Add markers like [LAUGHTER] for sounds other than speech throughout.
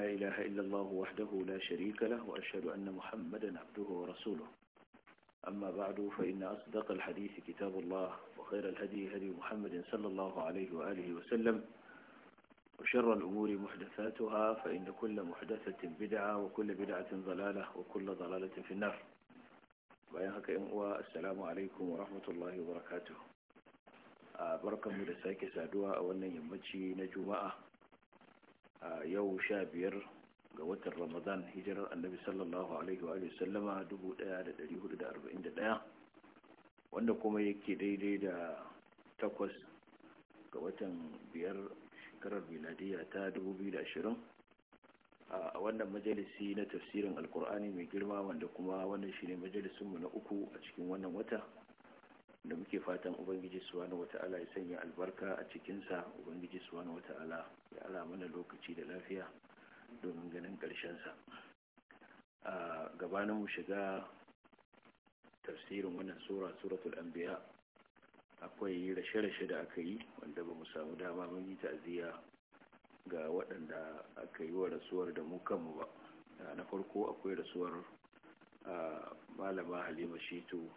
لا إله إلا الله وحده لا شريك له وأشهد أن محمدا عبده ورسوله أما بعد فإن أصدق الحديث كتاب الله وخير الهدي هدي محمد صلى الله عليه وآله وسلم وشر الأمور محدثاتها فإن كل محدثة بدعة وكل بدعة ضلالة وكل ضلالة في النار إمقوى السلام عليكم ورحمة الله وبركاته آه، بركة مدساك سعدوها أولا يمتشي نجماء a yau sha biyar ga watan ramadan hijirar annabi sallallahu alaihi wa sallama daya wanda kuma yake daidai da takwas ga watan biyar shekarar miladiya ta 2020 a wannan majalisi na tafsirin alkur'ani mai girma wanda kuma wannan ne majalisinmu na uku a cikin wannan wata da muke fatan ubangiji wata wata'ala ya sanya albarka a cikinsa ubangiji wata wata'ala ya ala mana lokaci da lafiya domin ganin karshensa a gabanin mu shiga tafsirin wannan sura suratul anbiya akwai rashe-rashe da aka yi wanda ba mu samu dama mun yi ta'aziyya ga waɗanda aka yi wa rasuwar da mu kanmu ba na farko akwai rasuwar malama halima shitu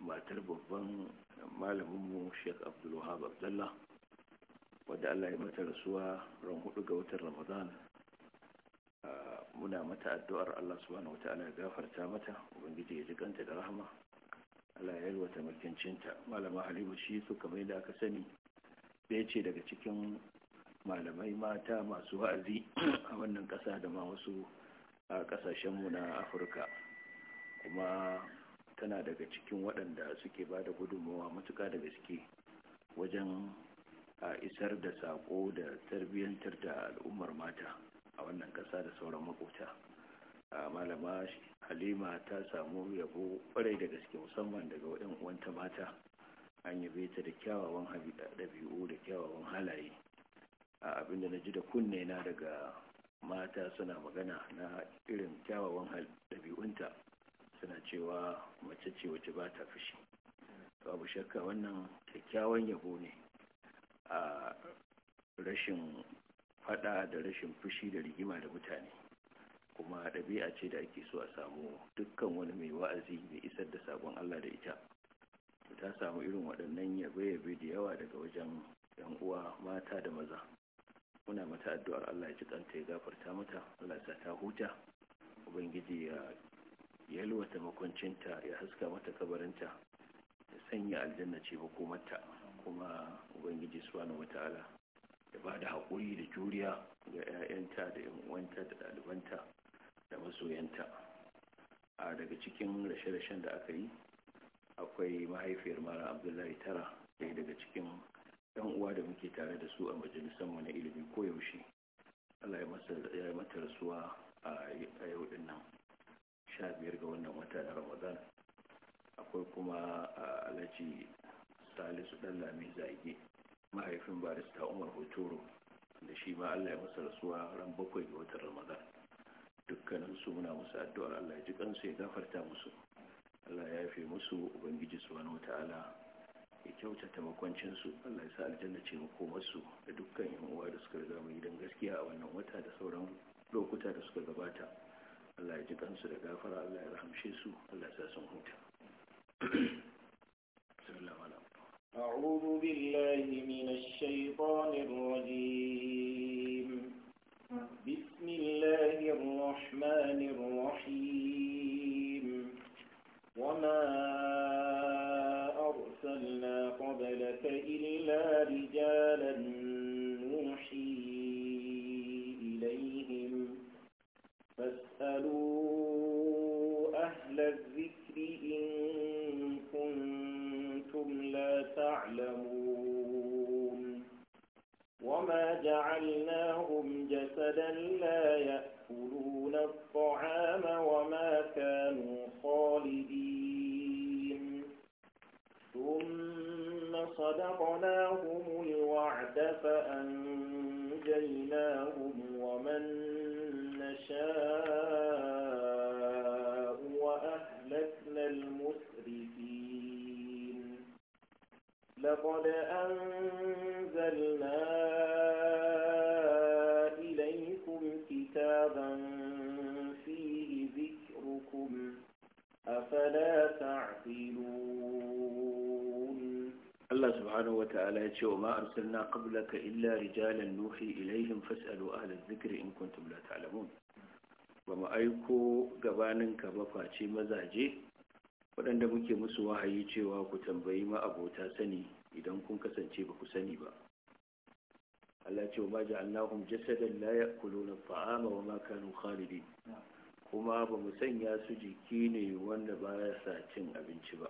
matar babban malaminmu sheikh abdulwahab abdullah wadda allah ya mata rasuwa ran hudu ga watan ramadan muna mata addu'ar allah subhanahu wa ta'ala ya gafarta mata ubangiji ya kanta da rahama allah ya yi wata mulkincinta malama halima shi su kamar yadda aka sani ɗaya ce daga cikin malamai mata masu wa'azi a wannan ƙasa da ma wasu a ƙasashenmu na afirka kuma tana daga cikin waɗanda suke ba da gudunmawa matuƙa da gaske wajen a isar da saƙo da tarbiyyantar da al'ummar mata a wannan ƙasa da sauran makota malama halima ta samu yabo kwarai da gaske musamman daga waɗin uwanta mata an yabe ta da kyawawan ɗabi'u da kyawawan halaye A abinda na ji da kunne na daga mata suna magana na irin kyawawan ɗabi'unta suna cewa mace ce wace ba ta fushi to abu shakka wannan kyakkyawan yabo ne a rashin fada da rashin fushi da rigima da mutane kuma ɗabi'a ce da ake so a samu dukkan wani mai wa'azi mai isar da sabon Allah da ita ta samu irin waɗannan yabe-yabe da yawa daga wajen yan uwa mata da maza muna mata addu'ar Allah ya ji kanta ya gafarta mata Allah ya sa ta huta ubangiji ya ya wata makoncinta ya haska mata kabarinta ya sanya aljanna ce hukumarta kuma ubangiji wata wata'ala ya ba da haƙuri da juriya ga 'ya'yanta da 'yan uwanta da ɗalibanta da masoyanta a daga cikin rashe-rashen da aka yi akwai mahaifiyar mara abdullahi tara ɗaya daga cikin yan uwa da muke tare da su a majalisar mu na ilimi koyaushe allah ya mata rasuwa a yau din nan sha biyar ga wannan wata na ramadan akwai kuma a alhaji salisu dan lami zage mahaifin barista umar hotoro da shi ma allah ya masa rasuwa ran bakwai ga watan ramadan dukkanin su muna musu addu'ar allah ya ji kansu ya gafarta musu allah ya yafe musu ubangiji wani wata'ala ya kyautata makwancin su allah ya sa aljanna ce masu da dukkan yan uwa da suka riga gidan gaskiya a wannan wata da sauran lokuta da suka gabata Allah ya ji kansu da gafara Allah ya rahamshe su Allah ya sa sun huta أعوذ بالله من الشيطان الرجيم بسم الله الرحمن الرحيم وما أرسلنا قبلك إلا رجالا فاسألوا أهل الذكر إن كنتم لا تعلمون وما جعلناهم جسدا لا يأكلون الطعام وما كانوا خالدين ثم صدقناهم الوعد فأنجيناهم ومن نشاء لقد أنزلنا إليكم كتابا فيه ذكركم أفلا تعقلون الله سبحانه وتعالى يتشوى ما أرسلنا قبلك إلا رجالا نوحي إليهم فاسألوا أهل الذكر إن كنتم لا تعلمون وما أيكو قبانك بفاتي مزاجي waɗanda muke musu wahayi cewa ku tambayi ma'abota sani idan kun kasance ba ku sani ba Allah ce wa ma ja'alnahum jasadan la ya'kuluna ta'ama wa ma kanu kuma ba mu sanya su jiki ne wanda ba ya sa cin abinci ba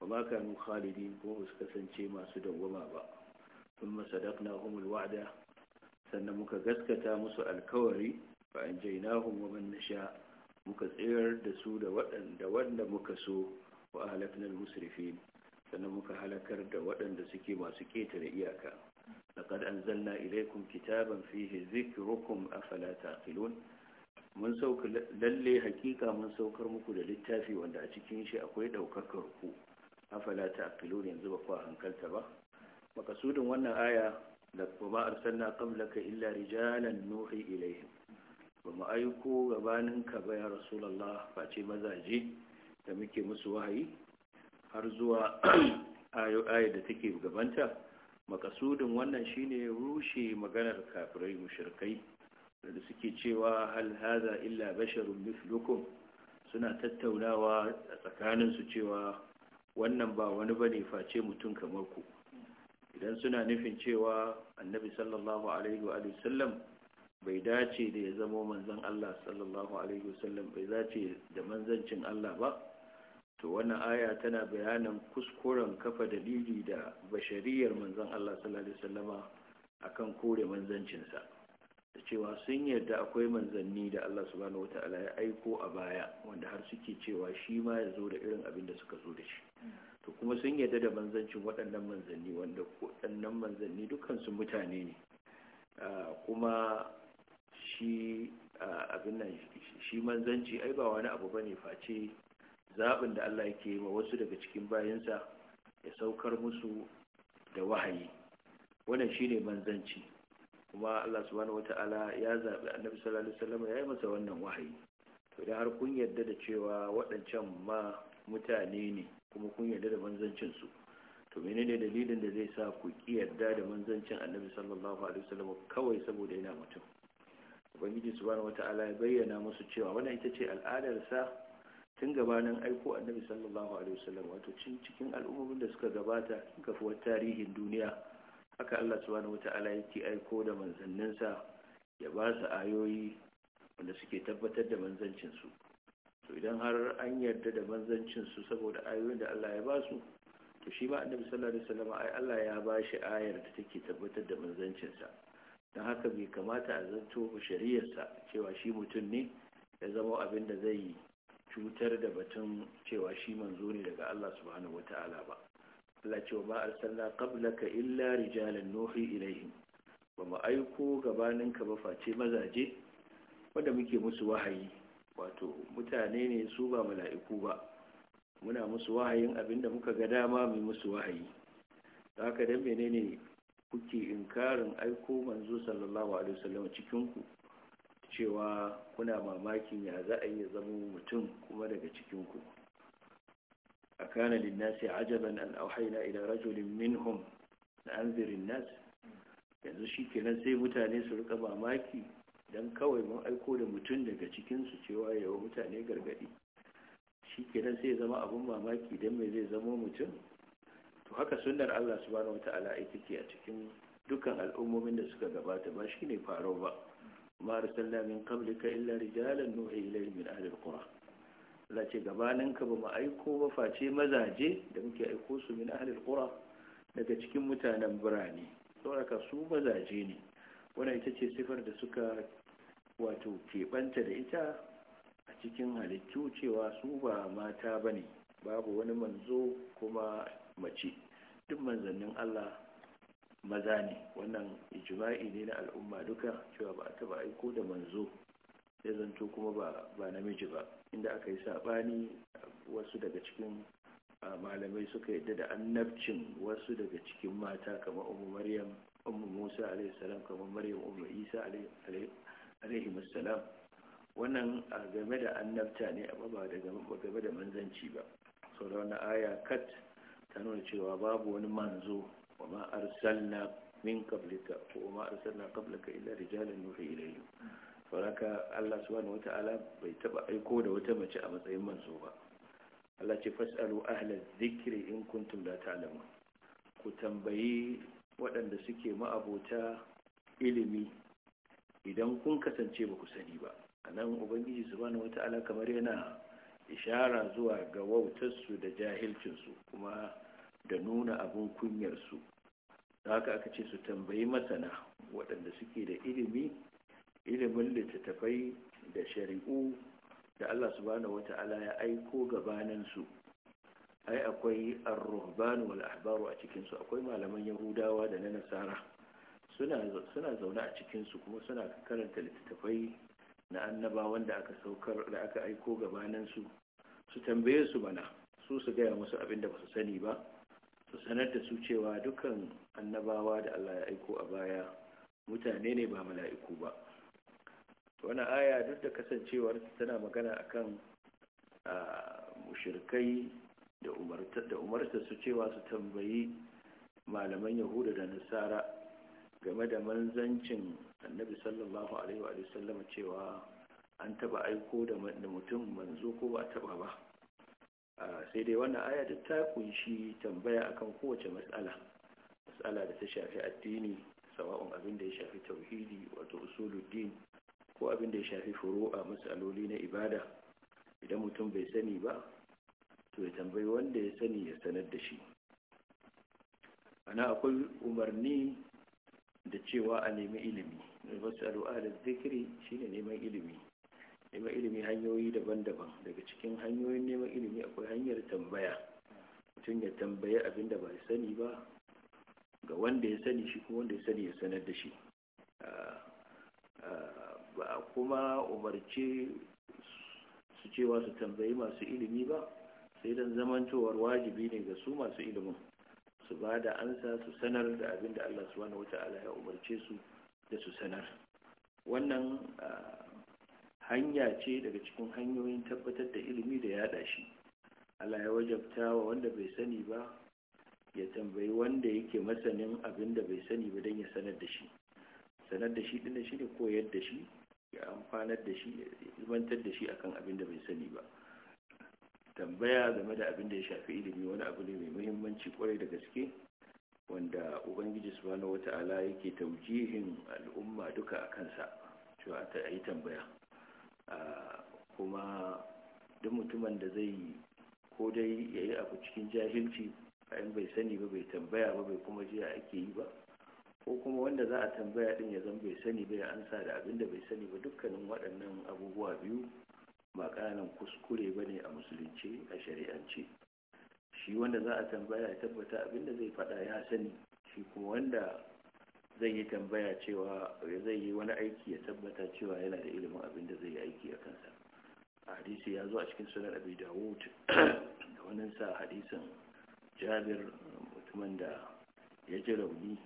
wa ma kanu khalidin su kasance masu dawwama ba thumma sadaqnahum alwa'da sannan muka gaskata musu alkawari fa na wa na sha, muka tsayar da su da waɗanda wanda muka so wa ahlakna almusrifin sannan muka halakar da waɗanda suke masu da iyaka laqad anzalna ilaykum kitaban fihi dhikrukum afala taqilun mun sauka lalle hakika mun saukar muku da littafi wanda a cikin shi akwai daukakar ku afala taqilun yanzu ba ku hankalta ba makasudin wannan aya da kuma arsalna qablaka illa rijalan nuhi ilayhim ba mu aiko gabaninka ba ya rasulullah ce mazaje da muke musu wahayi har zuwa [CLEARS THROAT] ayoyi da take gabanta makasudin wannan shine rushe maganar kafirai mushrikai da suke cewa hal hadha illa basharun mithlukum suna tattaunawa a tsakanin su cewa wannan ba wani bane face mutum kamar ku idan suna nufin cewa annabi sallallahu alaihi wa sallam bai dace da ya zama manzon Allah sallallahu alaihi wa sallam bai dace da manzancin Allah ba to wannan aya tana bayanin kuskuren kafa dalili da bashariyar manzon Allah sallallahu alaihi wasallama akan kore manzancinsa da cewa sun yarda akwai manzanni da Allah subhanahu wataala ya aiko a baya wanda har suke cewa shi ma ya zo da irin abin da suka zo da shi to kuma sun yarda da manzancin waɗannan manzanni wanda waɗannan manzanni dukansu mutane ne kuma shi abin nan shi manzanci ai ba wani abu bane face zaɓin da Allah yake yi ma wasu daga cikin bayansa ya saukar musu da wahayi wannan shine manzanci kuma Allah subhanahu Ta'ala ya zaɓi annabi sallallahu alaihi wasallam ya yi masa wannan wahayi to da har kun yarda da cewa waɗancan ma mutane ne kuma kun yarda da manzancin su to menene dalilin da zai sa ku ki yarda da manzancin annabi sallallahu alaihi wasallam kawai saboda yana mutum ubangiji subhanahu Ta'ala ya bayyana musu cewa wannan ita ce al'adarsa tun gabanin aiko annabi sallallahu alaihi wasallam wato cikin al'ummomin da suka gabata kafuwar tarihin duniya haka Allah subhanahu wata'ala yake aiko da manzanninsa ya ba su ayoyi wanda suke tabbatar da manzancinsu to idan har an yarda da manzancinsu saboda ayoyin da Allah ya ba su to shi ma annabi sallallahu alaihi wasallam ai Allah ya ba shi ayar da take tabbatar da manzancinsa dan haka bai kamata a zanto shari'arsa cewa shi mutum ne ya zama abin da zai yi cutar da batun cewa shi manzo ne daga Allah subhanahu ta'ala ba Allah cewa ba arsalna qablaka illa rijalan nuhi ilaihim ba mu aiko gabanin ka ba face mazaje wanda muke musu wahayi wato mutane ne su ba mala'iku ba muna musu wahayin abinda muka ga dama mu musu wahayi haka dan menene kuke inkarin aiko manzo sallallahu alaihi wasallam cikin ku cewa kuna mamakin ya za a yi zama mutum kuma daga cikinku a kanan linnasi ajaban an auhaina idan rajulin minhum na zirin nas yanzu shi kenan sai mutane su rika mamaki don kawai mun aiko da mutum daga cikinsu cewa yawa mutane gargadi shi kenan sai zama abin mamaki don mai zai zama mutum to haka sunnar allah subhanahu wata ita ke a cikin dukkan al'ummomin da suka gabata ba shi ne farau ba ma arsalna min qablika illa rijalan nuhi ilayhim min ahli alqura ce gabaninka ba mu aiko ba face mazaje da muke aiko su min ahli alqura daga cikin mutanen birane saboda su mazaje ne wannan ita ce sifar da suka wato keɓanta da ita a cikin halittu cewa su ba mata bane babu wani manzo kuma mace duk manzannin Allah maza ne wannan ijima'i ne na al'umma duka cewa ba a taba aiko da manzo sai zanto kuma ba namiji ba inda aka yi saɓani wasu daga cikin ah, malamai suka yadda da annabcin wasu daga cikin mata kamar umu maryam umu musa alaihissalam kamar maryam umu isa salam wannan a ah, game da annabta ne amma ba game da manzanci ba sau da wani aya kat ta nuna cewa babu wani manzo وما أرسلنا من قبلك وما أرسلنا قبلك إلا رجالا نوحي إليهم faraka Allah subhanahu wata'ala bai taba aiko da wata mace a matsayin manzo ba Allah ce fasalu ahlaz zikri in kuntum la alamu. ku tambayi waɗanda suke ma'abota ilimi idan kun kasance ba ku sani ba anan ubangiji wata wata'ala kamar yana ishara zuwa ga wautarsu da jahilcin su kuma da nuna abin su da haka aka ce su tambayi masana waɗanda suke da ilimi ilimin littattafai da shari'u da allah subhanahu ta'ala ya aiko gabaninsu ai akwai ar-ruhban wal ahbaru a cikinsu akwai malaman yahudawa da na nasara suna zaune a cikinsu kuma suna karanta littattafai na annabawan da aka saukar da aka aiko gabanin su tambaye su mana su su gaya musu abin da ba su sani ba su sanar da su cewa dukkan annabawa da Allah ya aiko a baya mutane ne ba mala'iku ba wani aya duk da kasancewar tana magana akan mushirkai da umarta su cewa su tambayi malaman yahuda da nasara game da manzancin annabi sallallahu alaihi wa sallama cewa an taba aiko da mutum manzo ko ba taba ba sai dai wannan aya da ta kunshi tambaya akan kowace matsala matsala da ta shafi addini sawa'un abin da ya shafi tauhidi wato usuluddin ko abin da ya shafi furu'a matsaloli na ibada idan mutum bai sani ba to ya tambayi wanda ya sani ya sanar da shi ana akwai umarni da cewa a nemi ilimi wasu al'adar zikiri shine neman ilimi neman ilimi hanyoyi daban-daban daga cikin hanyoyin neman ilimi akwai hanyar tambaya mutum ya tambaye abin da ba ya sani ba ga wanda ya sani shi kuma wanda ya sani ya sanar da shi ba kuma umarce su cewa su tambayi masu ilimi ba sai don zamantowar wajibi ne ga su masu ilimin su ba da ansa su sanar da abin da allah wata ala ya umarce su da su sanar wannan hanya ce daga cikin hanyoyin tabbatar da ilimi da yada shi Allah ya wajabta wa wanda bai sani ba ya tambayi wanda yake masanin abin da bai sani ba don ya sanar da shi sanar da shi din shi ne koyar da shi ya amfanar da shi ya ilmantar da shi akan abin da bai sani ba tambaya game da abin da ya shafi ilimi wani abu ne mai muhimmanci kwarai da gaske wanda ubangiji subhanahu wata'ala yake taujihin al'umma duka a kansa cewa ta yi tambaya kuma duk mutumin da zai yi ko dai ya yi abu cikin jahilci bayan bai sani ba bai tambaya ba bai kuma jiya ake yi ba ko kuma wanda za a tambaya din ya zan bai sani bai ansa da abin da bai sani ba dukkanin waɗannan abubuwa biyu ba ƙananan kuskure ba ne a musulunci a shari'anci. shi wanda za a tambaya ya tabbata abin da zai faɗa ya sani shi kuma wanda zai yi tambaya cewa zai yi wani aiki ya tabbata cewa yana da ilimin abin da zai yi aiki a kansa a hadisi ya zo a cikin sunan abu dawud da wannan sa hadisin jabir mutumin da ya ji rauni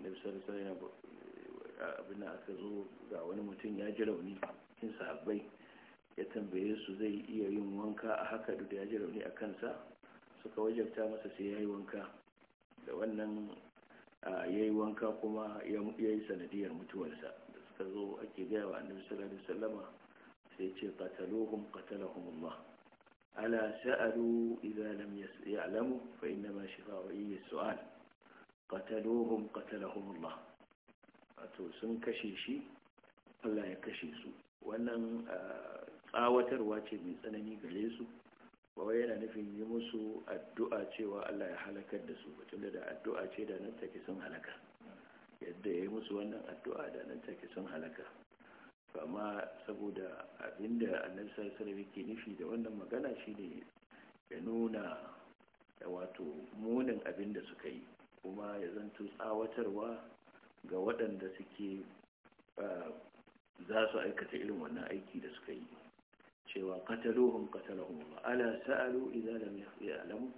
na abin da aka zo ga wani mutum ya ji rauni cikin sahabbai ya tambaye su zai iya yin wanka a haka duk da ya ji rauni a kansa suka wajabta masa sai ya yi wanka da wannan ya yi wanka kuma ya yi sanadiyar mutuwarsa da suka zo ake gaya wa annabi sallallahu alaihi wasallama sai ce qataluhum qatalahum Allah ala sa'alu idza lam ya'lamu fa inna ma shifa'u su'al qataluhum qatalahum Allah wato sun kashe shi Allah ya kashe su wannan tsawatarwa ce mai tsanani gare su ba yana nufin yi musu addu'a cewa Allah ya halakar da su tunda da addu'a ce da nan take sun halaka yadda ya yi musu wannan addu'a da nan take sun halaka amma saboda abinda annabi sallallahu alaihi yake nufi da wannan magana shi ne ya nuna da wato munin da suka yi kuma ya zanto tsawatarwa ga waɗanda suke ah, za su aikata irin wannan aiki da suka yi cewa qataluhum qatalahum Allah ala sa'alu idza lam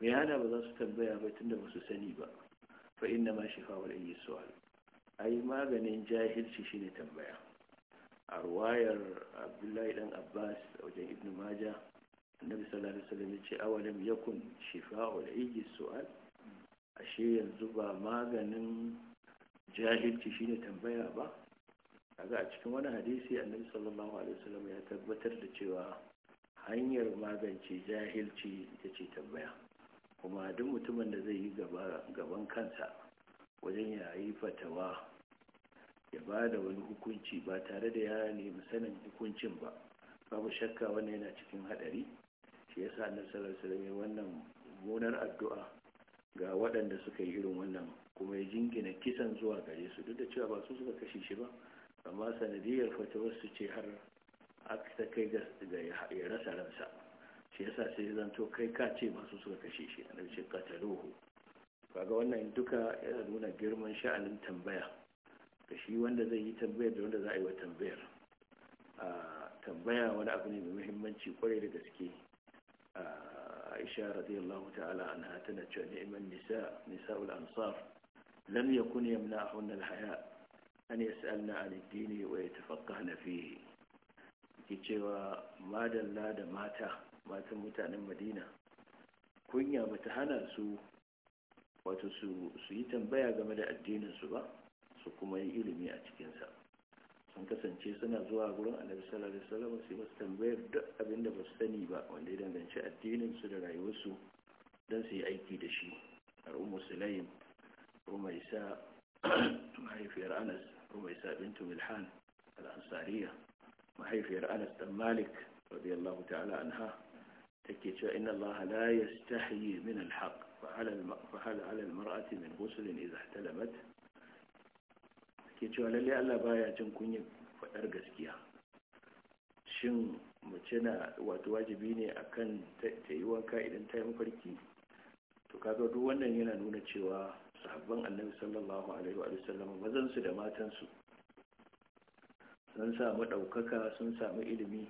hana ba za su tambaya ba tunda ba su sani ba fa inna ma shifa'ul ayyi su'al ai maganin jahilci shine tambaya a ruwayar abdullahi dan abbas wajen ibn maja annabi sallallahu alaihi wasallam yace awalam yakun shifa'ul ayyi su'al ashe yanzu ba maganin jahilci shine tambaya ba kaga a cikin wani hadisi annabi sallallahu alaihi wasallam ya tabbatar da cewa hanyar magance jahilci ita ce tambaya kuma duk mutumin da zai yi gaban kansa wajen ya yi fatawa ya ba da wani hukunci ba tare da ya nemi sanin hukuncin ba babu shakka wannan yana cikin hadari shi yasa annabi sallallahu alaihi wasallam wannan munar addu'a ga waɗanda suka yi irin wannan kuma ya jingina kisan zuwa gare su duk da cewa ba su suka kashe shi ba amma sanadiyar wasu ce har ta kai ga ya rasa ransa shi yasa sai zanto kai ka ce masu suka kashe shi a nan kataluhu kaga wannan duka yana nuna girman sha'anin tambaya ga shi wanda zai yi tambayar da wanda za a yi wa tambayar a tambaya wani abu ne mai muhimmanci kwarai da gaske a aisha radiyallahu ta'ala an hatana cewa ni'man nisa nisa'ul ansar lam yakun a al-haya' an yas'alna an addini wa yatafaqqahna fihi ke cewa madalla da mata matan mutanen madina kunya bata hana su wato su yi tambaya game da addinin su ba su kuma yi ilimi a cikinsa sun kasance suna zuwa gurin annabi sallallahu alaihi wasallam su masu tambayar duk abin da ba su sani ba wanda ya danganci addinin su da rayuwarsu don su yi aiki da shi al'ummu sulaim umaisa mahaifiyar anas ruwaisa bintu milhan al-ansariya mahaifiyar anas dan malik radiyallahu ta'ala anha take cewa inna allaha la yastahyi min al-haq فهل على المرأة من غسل إذا احتلمت ke cewa lalle Allah baya jin kunyar faɗar gaskiya shin mace na wato wajibi ne akan ta yi wanka idan ta yi mafarki to kaga duk wannan yana nuna cewa sahabban annabi sallallahu alaihi wa sallam su da matansu sun samu ɗaukaka sun samu ilimi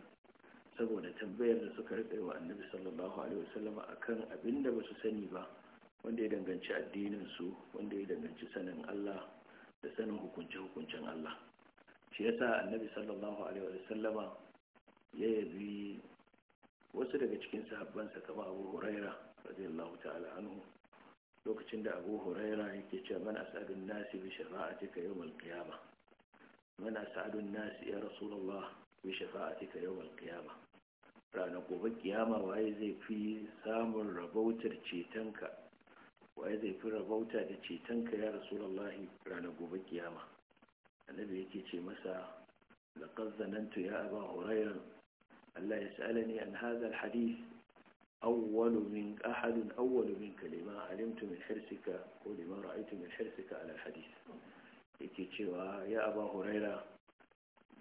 saboda tambayar da suka riƙe wa annabi sallallahu alaihi wasallam akan abin da ba su sani ba wanda ya danganci addinin su, wanda ya danganci sanin Allah da sanin hukunce-hukuncen Allah shi yasa annabi sallallahu alaihi wasallam ya yabi wasu daga cikin sahabbansa kamar Abu Huraira radiyallahu ta'ala anhu lokacin da abu huraira yake ce man asadun nasi bi shafa'atika yawmal qiyamah man asadun nasi ya rasulullah bi shafa'atika yawmal qiyamah ranar gobe kiyama waye zai fi samun rabautar cetonka waye zai fi rabauta da cetonka ya rasulullah ranar gobe kiyama annabi yake ce masa laqad zanantu ya aba huraira Allah ya sa'alani an hadha al-hadith أول من أحد أول منك لما علمت من حرصك ولما رأيت من حرصك على الحديث yake cewa ya aba huraira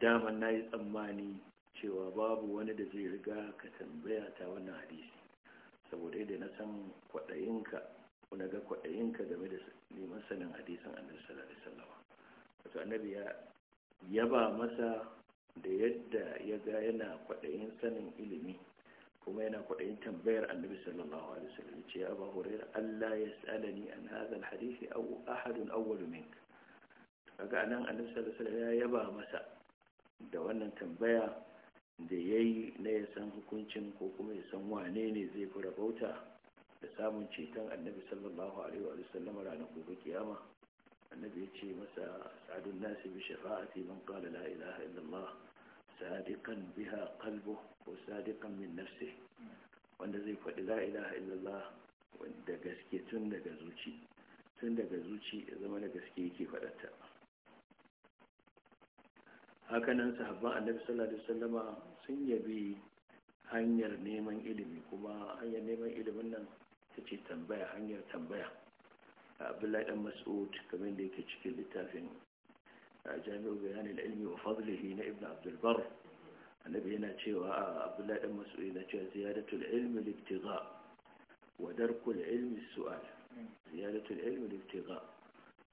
dama na yi tsammani cewa babu wani da zai riga ka tambaya ta wannan hadisi saboda yadda na san kwaɗayinka na ga kwaɗayinka game da neman sanin hadisin annabi sallallahu alaihi wasallam wato annabi ya yaba masa da yadda ya ga yana kwaɗayin sanin ilimi kuma yana kwaɗayin tambayar annabi sallallahu alaihi wasallam ce ya ba huraira Allah ya ni an hadha alhadisi aw ahadun awwal mink kaga anan annabi sallallahu alaihi wasallam ya yaba masa da wannan tambaya da yayi na ya san hukuncin ko kuma ya san wane ne zai fara bauta da samun ceton annabi sallallahu alaihi wasallam ranar gobe kiyama annabi ya ce masa sa'adun nasi bi shafa'ati man qala la ilaha illallah sadiqan biha qalbu ko sadiqan min wanda zai faɗi la ilaha illallah wanda gaske tun daga zuci tun daga zuci ya zama da gaske yake faɗata hakanan sahabban annabi sallallahu alaihi wasallama sun yabi hanyar neman ilimi kuma hanyar neman ilimin nan ta ce tambaya hanyar tambaya a abu la'idan mas'ud kamar da yake cikin littafin a jami'u bayanin ilimi. فضله ابن عبد البر نبينا شيوا عبد الله المسؤولين زيادة العلم الابتغاء ودرك العلم السؤال زيادة العلم الابتغاء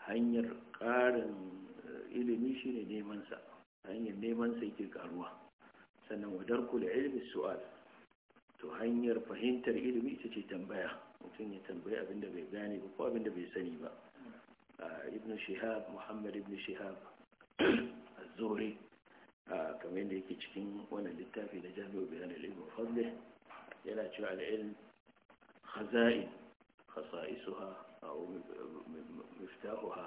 هنير قارن إلى نيشين نيمانسا هنير نيمانسا يجيك أروى سنة ودرك العلم السؤال تو هنير فهنتر إلى ميتة شي تنبايا وتنيا تنبايا بن دبي غاني وقوى بن آه، ابن شهاب محمد ابن شهاب zuhuri kamar yadda yake cikin wannan littafi na jami'u bayan ilmi fadli yana cewa al'ilm khaza'in khasa'isuha ha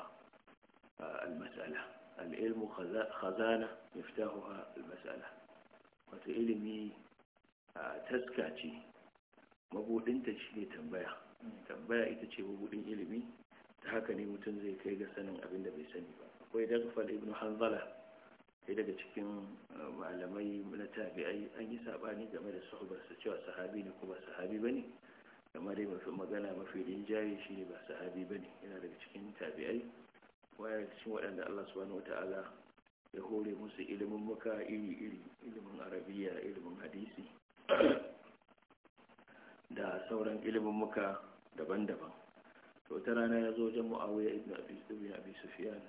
a al-mas'ala al al'ilmu khazana miftahuha al-mas'ala wato ilimi a taska ce mabudinta shi ne tambaya tambaya ita ce mabudin ilimi ta haka ne mutum zai kai ga sanin abin da bai sani ba akwai dagfal ibn hanzala sai daga cikin eh, malamai na tabi'ai an yi sabani game da sahabarsa cewa sahabi ne kuma sahabi ba ne kamar dai mafi magana mafi rinjaye shi ne ba sahabi ba ne yana daga cikin tabi'ai waya cikin waɗanda allah subhanahu wa ta'ala ya hore musu ilimin muka iri-iri ilimin arabiya ilimin hadisi [CLEARS THROAT] da sauran ilimin muka daban-daban to ta rana ya zo wajen mu'awiyar ibn abi sufyan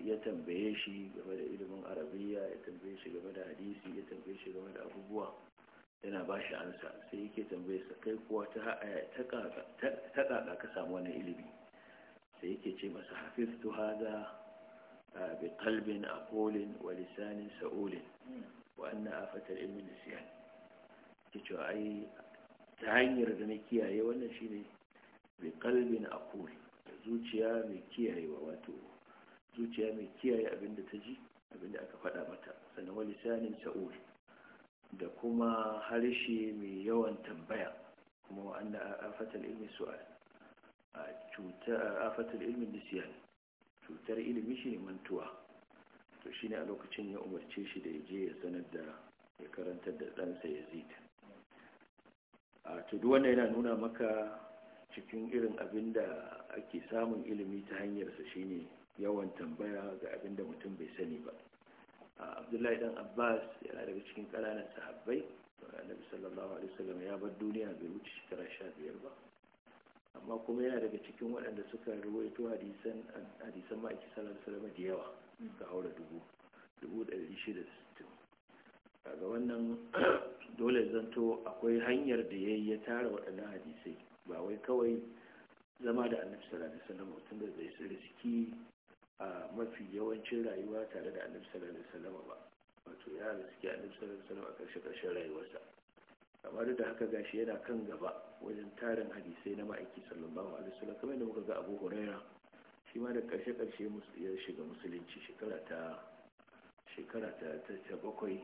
ya tambaye shi game da ilimin arabiya ya tambaye shi game da hadisi ya tambaye shi game da abubuwa yana ba shi ansa sai yake tambaye sa kai kuwa ta kaka ka samu wani ilimi sai yake ce masa hafif hafiftu a bi a kolin wa lisanin sa'ulin wa anna afatal ce nisyan kice ai ta hanyar da na kiyaye wannan shine bi a da zuciya mai kiyayewa wato zuciya mai kiyaye abinda ta ji abinda aka faɗa mata sannan wani sanin sa'ul da kuma harshe mai yawan tambaya kuma wa'anda afatal ilmi su'al afatal ilmi nisyan cutar ilimi shi ne mantuwa to shi ne a lokacin ya umarce shi da ya je ya sanar da ya karanta da ɗansa ya zita a tudu wannan yana nuna maka cikin irin abin da ake samun ilimi ta hanyarsa ne. yawan tambaya ga abin da mutum bai sani ba abdullahi dan abbas yana daga cikin ƙananan sahabbai annabi sallallahu alaihi wasallam ya bar duniya bai wuce shekara sha biyar ba amma kuma yana daga cikin waɗanda suka ruwaito hadisan hadisan ma'aiki sallallahu alaihi da yawa ga haura dubu dubu ɗari shida da sittin daga wannan [CLEARS THROAT] dole zanto akwai hanyar da ya ya tara waɗannan hadisai ba wai kawai zama da annabi sallallahu alaihi wasallam mutum da zai ciki a mafi yawancin rayuwa tare da annabi sallallahu alaihi wasallam ba wato ya suke annabi sallallahu alaihi wasallam a karshe karshen rayuwarsa amma duk da haka gashi yana kan gaba wajen tarin hadisai na ma'aiki sallallahu alaihi wasallam kamar yadda muka ga Abu Huraira shi ma da karshe karshe ya shiga musulunci shekara ta shekara ta ta bakwai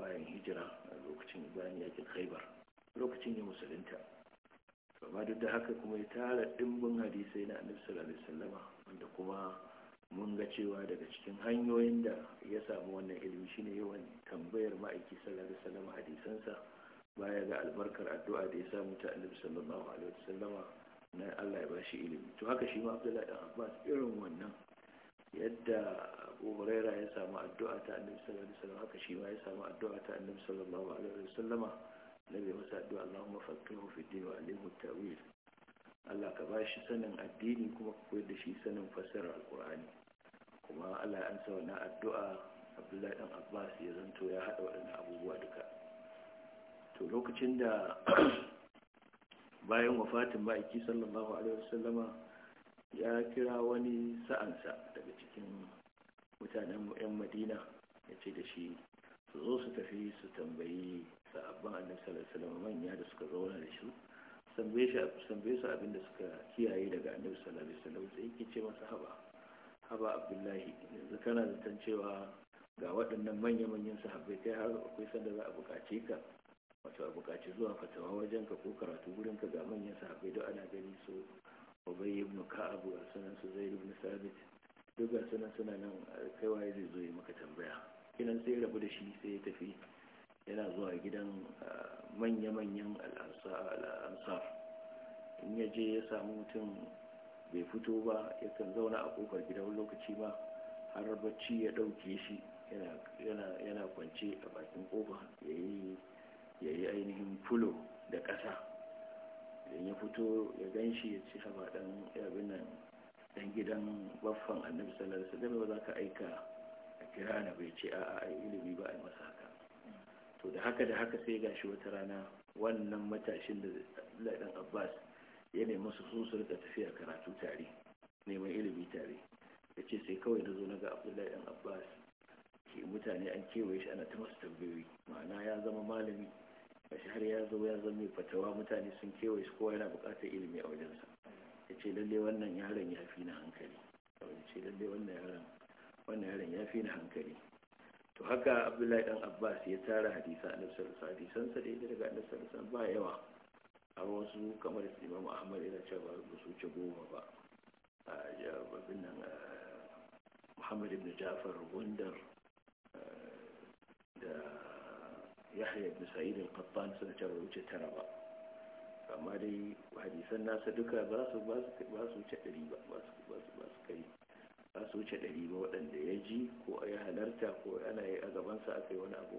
bayan hijira a lokacin bayan yakin Khaibar lokacin ya musulunta amma duk da haka kuma ya tara dimbin hadisai na annabi sallallahu alaihi wasallam wanda kuma mun ga cewa daga cikin hanyoyin da ya samu wannan ilimi shine yawan tambayar ma'aiki sallallahu alaihi wasallam hadisansa baya ga albarkar addu'a da ya samu ta annabi sallallahu alaihi wasallama na Allah ya bashi ilimi to haka shi ma Abdullahi dan Abbas irin wannan yadda Abu Huraira ya samu addu'a ta annabi sallallahu alaihi wasallam haka shi ma ya samu addu'a ta annabi sallallahu alaihi wasallama nabi masa addu'a Allahumma faqqihhu fid din wa 'allimhu at-ta'wil Allah ka ba shi sanin addini kuma ka koyar da shi sanin fassarar alkur'ani kuma Allah ya ansa wannan addu'a Abdullahi dan Abbas ya zanto ya haɗa waɗannan abubuwa duka to lokacin da [CLEARS THROAT] bayan wafatin ma'aiki sallallahu alaihi wasallama ya kira wani sa'ansa daga cikin mutanen 'yan madina ya ce da shi su zo su tafi su tambayi sahabban annabi sallallahu alaihi wasallama manya da suka zauna da shi tambaye su abin da suka kiyaye daga annabi sallallahu alaihi wasallam sai yake ce masa haba haba abdullahi yanzu kana zaton cewa ga waɗannan manya-manyan sahabbai kai har akwai sanda za a buƙace ka wato a buƙaci zuwa fatawa wajen ka ko karatu wurin ka ga manyan sahabbai don ana gani su ubay ibn ka'ab wa sunan su zaid ibn sabit duk ga sunan suna nan kai waye zai zo yi maka tambaya kinan sai rabu da shi sai ya tafi yana zuwa gidan manya-manyan al'ansar in ya je ya samu mutum bai fito ba yakan zauna a kofar gidan lokaci ba har bacci ya ɗauke shi yana kwance a bakin kofa ya yi ainihin fulo da ƙasa idan ya fito ya gan shi ya ci haba ɗan nan dan gidan baffan annabi sallallahu alaihi wasallam ba za ka aika a kira na bai ce a'a ilimi ba a yi masa haka to da haka da haka sai gashi wata rana wannan matashin da ladan abbas ya nemi su sun su rika tafiya karatu tare neman ilimi tare ya ce sai kawai na zo na ga abdullahi dan abbas ke mutane an kewaye shi ana ta masu tambayoyi ma'ana ya zama malami shi har ya zo ya zama mai fatawa mutane sun kewaye shi kowa yana buƙatar ilimi a wajensa ya ce lalle wannan yaron ya fi na hankali wannan yaron ya fi na hankali to haka abdullahi dan abbas ya tara hadisa a sallallahu hadisan sa da daga annabi sallallahu ba yawa a wasu kamar imam ahmad yana cewa ba su wuce goma ba a jawabin nan muhammad ibn ja'far gundar da yahya ibn sa'id al-qattan suna cewa wuce tara ba amma dai hadisan nasa duka ba su ba su wuce ɗari ba ba su kai ba su ɗari ba waɗanda ya ji ko ya halarta ko ana yi a gabansa aka yi wani abu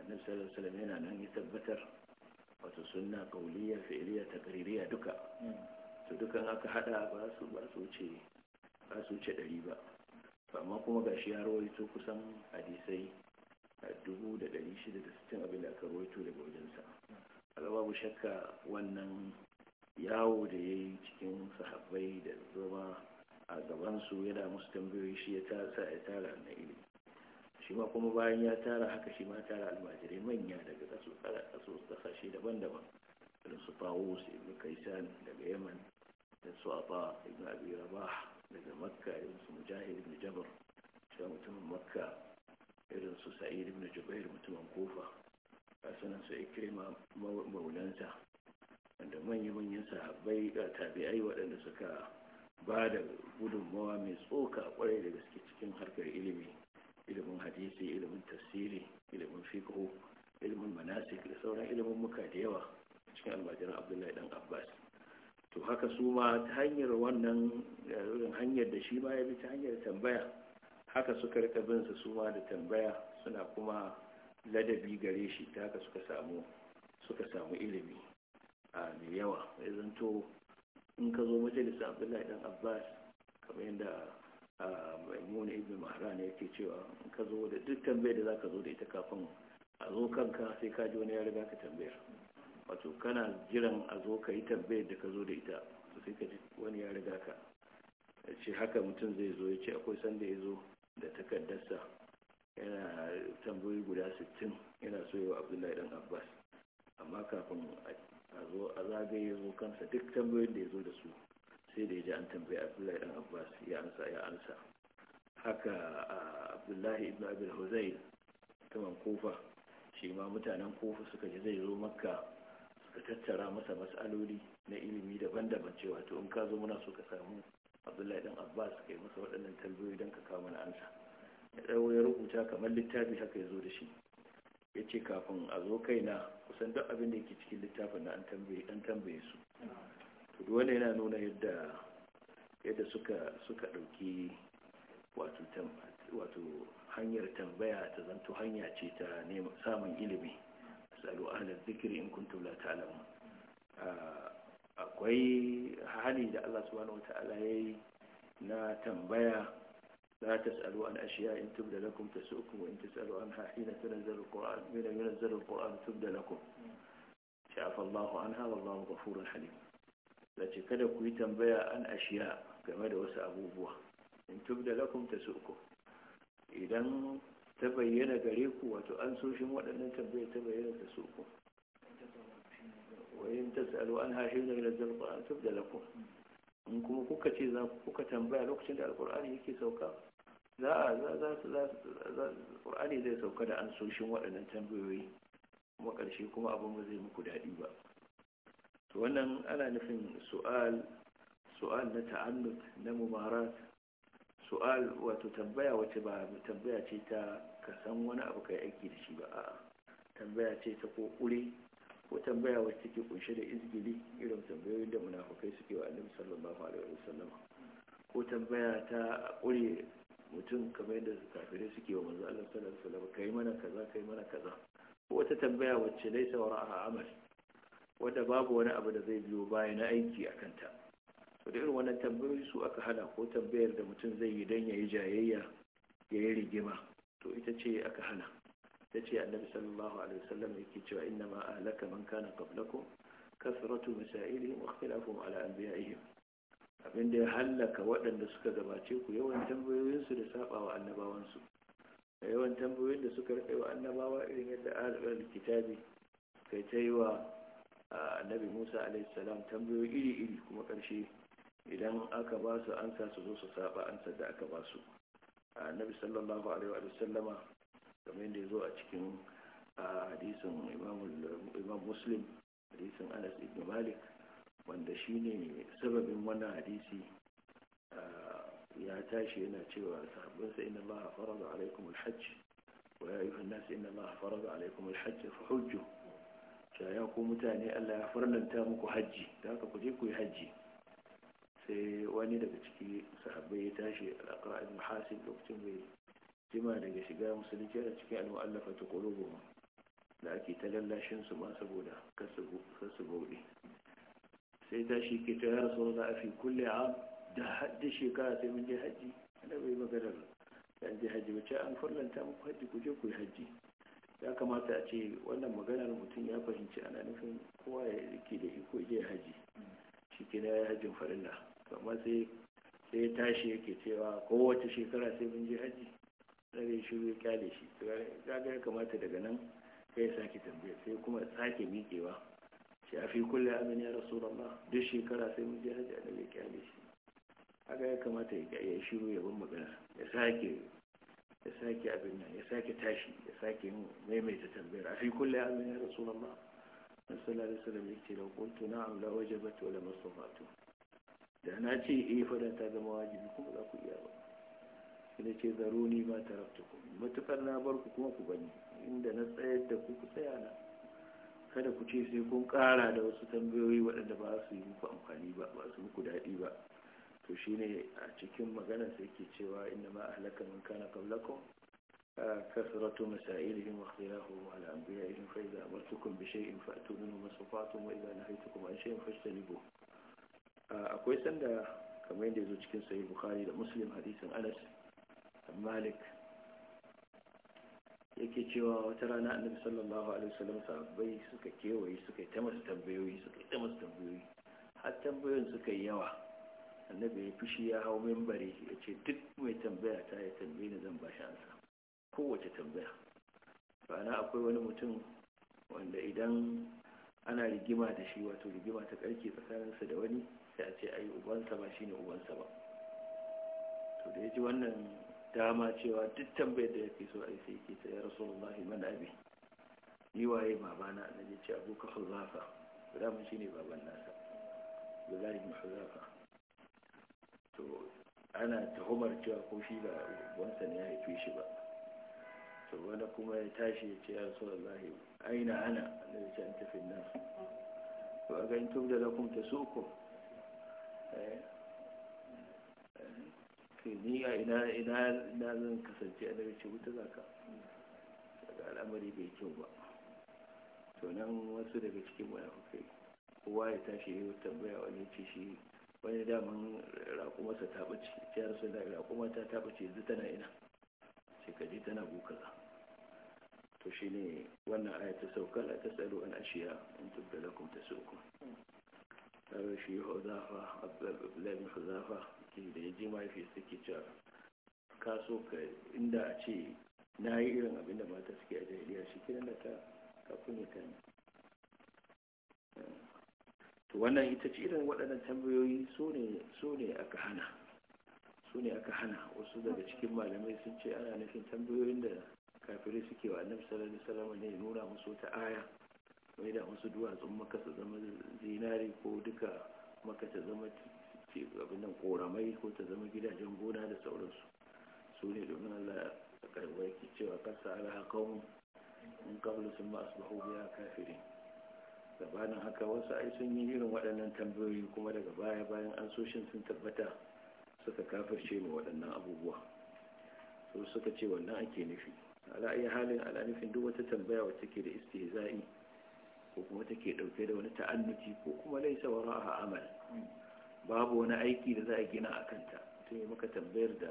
annabi sallallahu alaihi wasallam yana nan ya tabbatar wato sunna kauliyya fi'liya taqririyya duka to dukan aka haɗa ba su ba su wuce ba su ɗari ba amma kuma gashi ya rawaito kusan hadisai A dubu da ɗari shida da sittin abin da aka rawaito daga wajensa kaga babu shakka wannan yawo da ya yi cikin sahabbai da zama a su yana musu tambayoyi shi ya sa ya tara na ilimi shi ma kuma bayan ya tara haka shi ma tara almajirai manya daga kasashe daban-daban irin su tawus ibn kaisan daga yaman da su aba ibn abi rabah daga makka irin su mujahid ibn jabar shi mutumin makka irin su sa'id ibn jubair mutumin kofa a sanan su ikrima maulansa wanda manya-manyan sahabbai tabi'ai waɗanda suka ba da gudunmawa mai tsoka kwarai da gaske cikin harkar ilimi ilimin hadisi ilimin tasiri ilimin fiko ilimin manasik da sauran ilimin muka da yawa cikin almajiran abdullahi dan abbas to haka su ma ta hanyar wannan eh, hanyar da shi ma ya bi ta hanyar tambaya haka suka rika bin su su ma da tambaya suna kuma ladabi gare shi ta haka suka samu suka samu ilimi a ah, mai yawa ya zanto in ka zo majalisa abdullahi dan abbas kamar yadda ah, maimuna ibn mahran yake cewa in ka zo da duk tambayar da za ka zo da ita kafin a zo kanka sai ka ji wani ya riga ka tambayar wato kana jiran a zo ka yi tambayar da ka zo da ita sai ka ji wani ya riga ka ce haka mutum zai zo ya ce akwai sanda ya zo da takardarsa yana tambayi guda sittin, yana so yi wa abdullahi dan abbas amma kafin a zo a zagaye zo kansa duk tambayoyin da ya zo da su sai da ya ji an tambaye abdullahi dan abbas ya ansa ya ansa haka abdullahi ibn abil huzai kuma kofa shi ma mutanen kofa suka ji zai zo makka suka tattara masa matsaloli na ilimi daban-daban cewa to in ka zo muna so ka samu abdullahi dan abbas ka yi masa waɗannan tambayoyi don ka kawo mana ansa ya ya rubuta kamar littafi haka ya zo da shi ya ce kafin a zo kai na kusan duk abin da yake cikin littafin na an tambaye su to wanda yana nuna yadda suka suka ɗauki wato hanyar tambaya ta zanto hanya ce ta samun ilimi salo ahalar zikiri in kuntum la ta'lamu ah, akwai hali da Allah subhanahu wata'ala yayi na tambaya لا تسألوا عن أشياء إن تبدى لكم تسؤكم وإن تسألوا عنها حين تنزل القرآن من ينزل القرآن تبدى لكم شعف الله عنها والله غفور حليم التي كده كوي تنبيا عن أشياء كما دوس أبوبوها إن تبدى لكم تسؤكم إذا تبين غريق وتؤنسوا شموع أن تبين تسؤكم وإن تسألوا عنها حين ينزل القرآن تبدى لكم in kuma kuka ce za kuka tambaya lokacin da alkur'ani yake sauka za a za za za alkur'ani zai sauka da ansoshin waɗannan tambayoyi kuma ƙarshe kuma abin ba zai muku daɗi ba to wannan ana nufin su'al su'al na ta'annut na mubarat su'al wato tambaya wace ba tambaya ce ta ka san wani abu kai aiki da shi ba a'a tambaya ce ta ko ƙure ko tambaya wacce take kunshe da izgili irin tambayoyin da munafukai suke wa annabi sallallahu alaihi wasallam ko tambaya ta ƙure mutum kamar yadda kafirai suke wa manzo Allah sallallahu alaihi wasallam kai mana kaza kai mana kaza ko wata tambaya wacce laisa wara'a amal wanda babu wani abu da zai biyo bayan na aiki a kanta to da irin wannan tambayoyi su aka hana ko tambayar da mutum zai yi dan yayi jayayya yayi rigima to ita ce aka hana ta ce annabi sallallahu alaihi wasallam yake cewa inna ma ahlaka man kana qablakum kasratu masailihim wa ikhtilafuhum ala anbiya'ihim abinda ya hallaka waɗanda suka gabace ku yawan tambayoyinsu da sabawa annabawansu da yawan tambayoyin da suka rike wa annabawa irin yadda ahlul kitabi kai ta yi wa annabi Musa alaihi salam tambayoyi iri iri kuma ƙarshe idan aka ba su ansa su zo su saba ansa da aka ba su annabi sallallahu alaihi wa sallama kamar da ya zo a cikin hadisin imam muslim hadisin anas ibn malik wanda shine sababin wannan hadisi ya tashi yana cewa sahabbansa inna Allah farada alaikum alhajj wa ya ayyuhan nas inna Allah farada alaikum alhajj fa hujju cewa ya ku mutane Allah ya farlanta muku hajji da haka ku je ku yi hajji sai wani daga ciki sahabbai ya tashi al-aqra lokacin bai jima daga shiga musulunci a cikin al'mu'allafa ta ƙorobuwa da ake ta lallashin su ma saboda kasu bude sai ta shi ke ta yara sau a fi kulle a da haddi shekara sai mun je hajji ana bai maganar da an je hajji wacce an furlanta muku hajji ku je ku yi hajji ya kamata a ce wannan maganar mutum ya fahimci ana nufin kowa ya rike da iko je hajji shi ke na hajjin farilla kamar sai ya tashi yake cewa kowace shekara sai mun je hajji tsare shi ya kyale shi kaga ya kamata daga nan yi sake tambaya sai kuma sake miƙewa shi a fi kulle amin ya rasu rama duk shekara sai mun je jihar ya kyale shi haka ya kamata ya shiru ya ban magana ya sake ya sake abin nan ya sake tashi ya sake yin maimaita tambayar a fi kulle amin ya rasu rama na sallallahu salam wasallam yake da kuntu na amla wajabat wala fatu da na ce iya eh, fada ta zama wajibi kuma za ku iya ba da ce zaruni ma taraktukum matukar na bar ku kuma ku bani inda na tsayar da ku ku tsaya na kada ku ce sai kun kara da wasu tambayoyi waɗanda ba su yi muku amfani ba ba su muku daɗi ba to shine a cikin maganar sai ke cewa inda ma ahlaka min kana qablakum كثرة مسائلهم واختلافهم على أنبيائهم فإذا أمرتكم بشيء فأتوا منه ما استطعتم وإذا نهيتكم عن شيء فاجتنبوه akwai sanda kamar yadda yazo cikin sahih bukhari da muslim hadisin anas malik yake cewa wata rana annabi sallallahu alaihi wasallam sahabbai suka kewaye suka yi ta masu tambayoyi suka yi ta masu tambayoyi har tambayoyin suka yi yawa annabi ya fushi ya hau membari ya ce duk mai tambaya ta ya tambaye ni zan bashi ansa kowace tambaya bana akwai wani mutum wanda idan ana rigima da shi wato rigima ta karke tsakaninsa da wani sai a ce ai ubansa ba shine ubansa ba to da ya ji wannan dama cewa duk tambayar da ya fi so yi sai ke ta ya rasulullahi man abi ni waye babana na je ce abuka mun shi ne baban nasa yi min huzafa to ana tuhumar cewa ko shi ba wansa ne ya haife shi ba to wani kuma ya tashi ya ce ya rasulullahi aina ana na je ce an tafi nasu to a ga in tubda lakum tasukum eh ce ni a ina ina ina zan kasance daga ce wuta za ka daga al'amari bai kyau ba to nan wasu daga cikin munafukai kowa ya tashi ya tambaya wani ce shi wani daman raƙumarsa ta ɓace ta sun da raƙuma ta ta ɓace yanzu tana ina sai ka je tana bukala to shi ne wannan aya ta sauka la ta tsaro an ashiya in tubda kuma ta sauku shi huzafa abdullahi zafa. da ya je mahaifiyar suke cewa ka so ka inda a ce na yi irin abin da mata suke a jahiliya shi kiran da ta kafin ya ne to wannan ita ce irin waɗannan tambayoyi so ne aka hana su ne aka hana wasu daga cikin malamai sun ce ana nufin tambayoyin da kafirai suke wa annabi sallallahu alaihi wasallam ne nuna musu ta aya mai da musu duwatsun maka su zama zinari ko duka maka ta zama abin nan koramai ko ta zama gidajen gona da sauransu su ne domin Allah ya karɓa yake cewa kasa ala qaumun in qablu sun su asbahu biya kafirin gabanin haka wasu ai sun yi irin waɗannan tambayoyi kuma daga baya bayan an soshin sun tabbata suka kafirce mu waɗannan abubuwa so suka ce wannan ake nufi ala ayi halin ala nufin duk wata tambaya wacce ke da istihza'i ko kuma take dauke da wani ta'annuci ko kuma laisa wara'a amal babu wani aiki da za a gina a kanta mutum yi maka tambayar da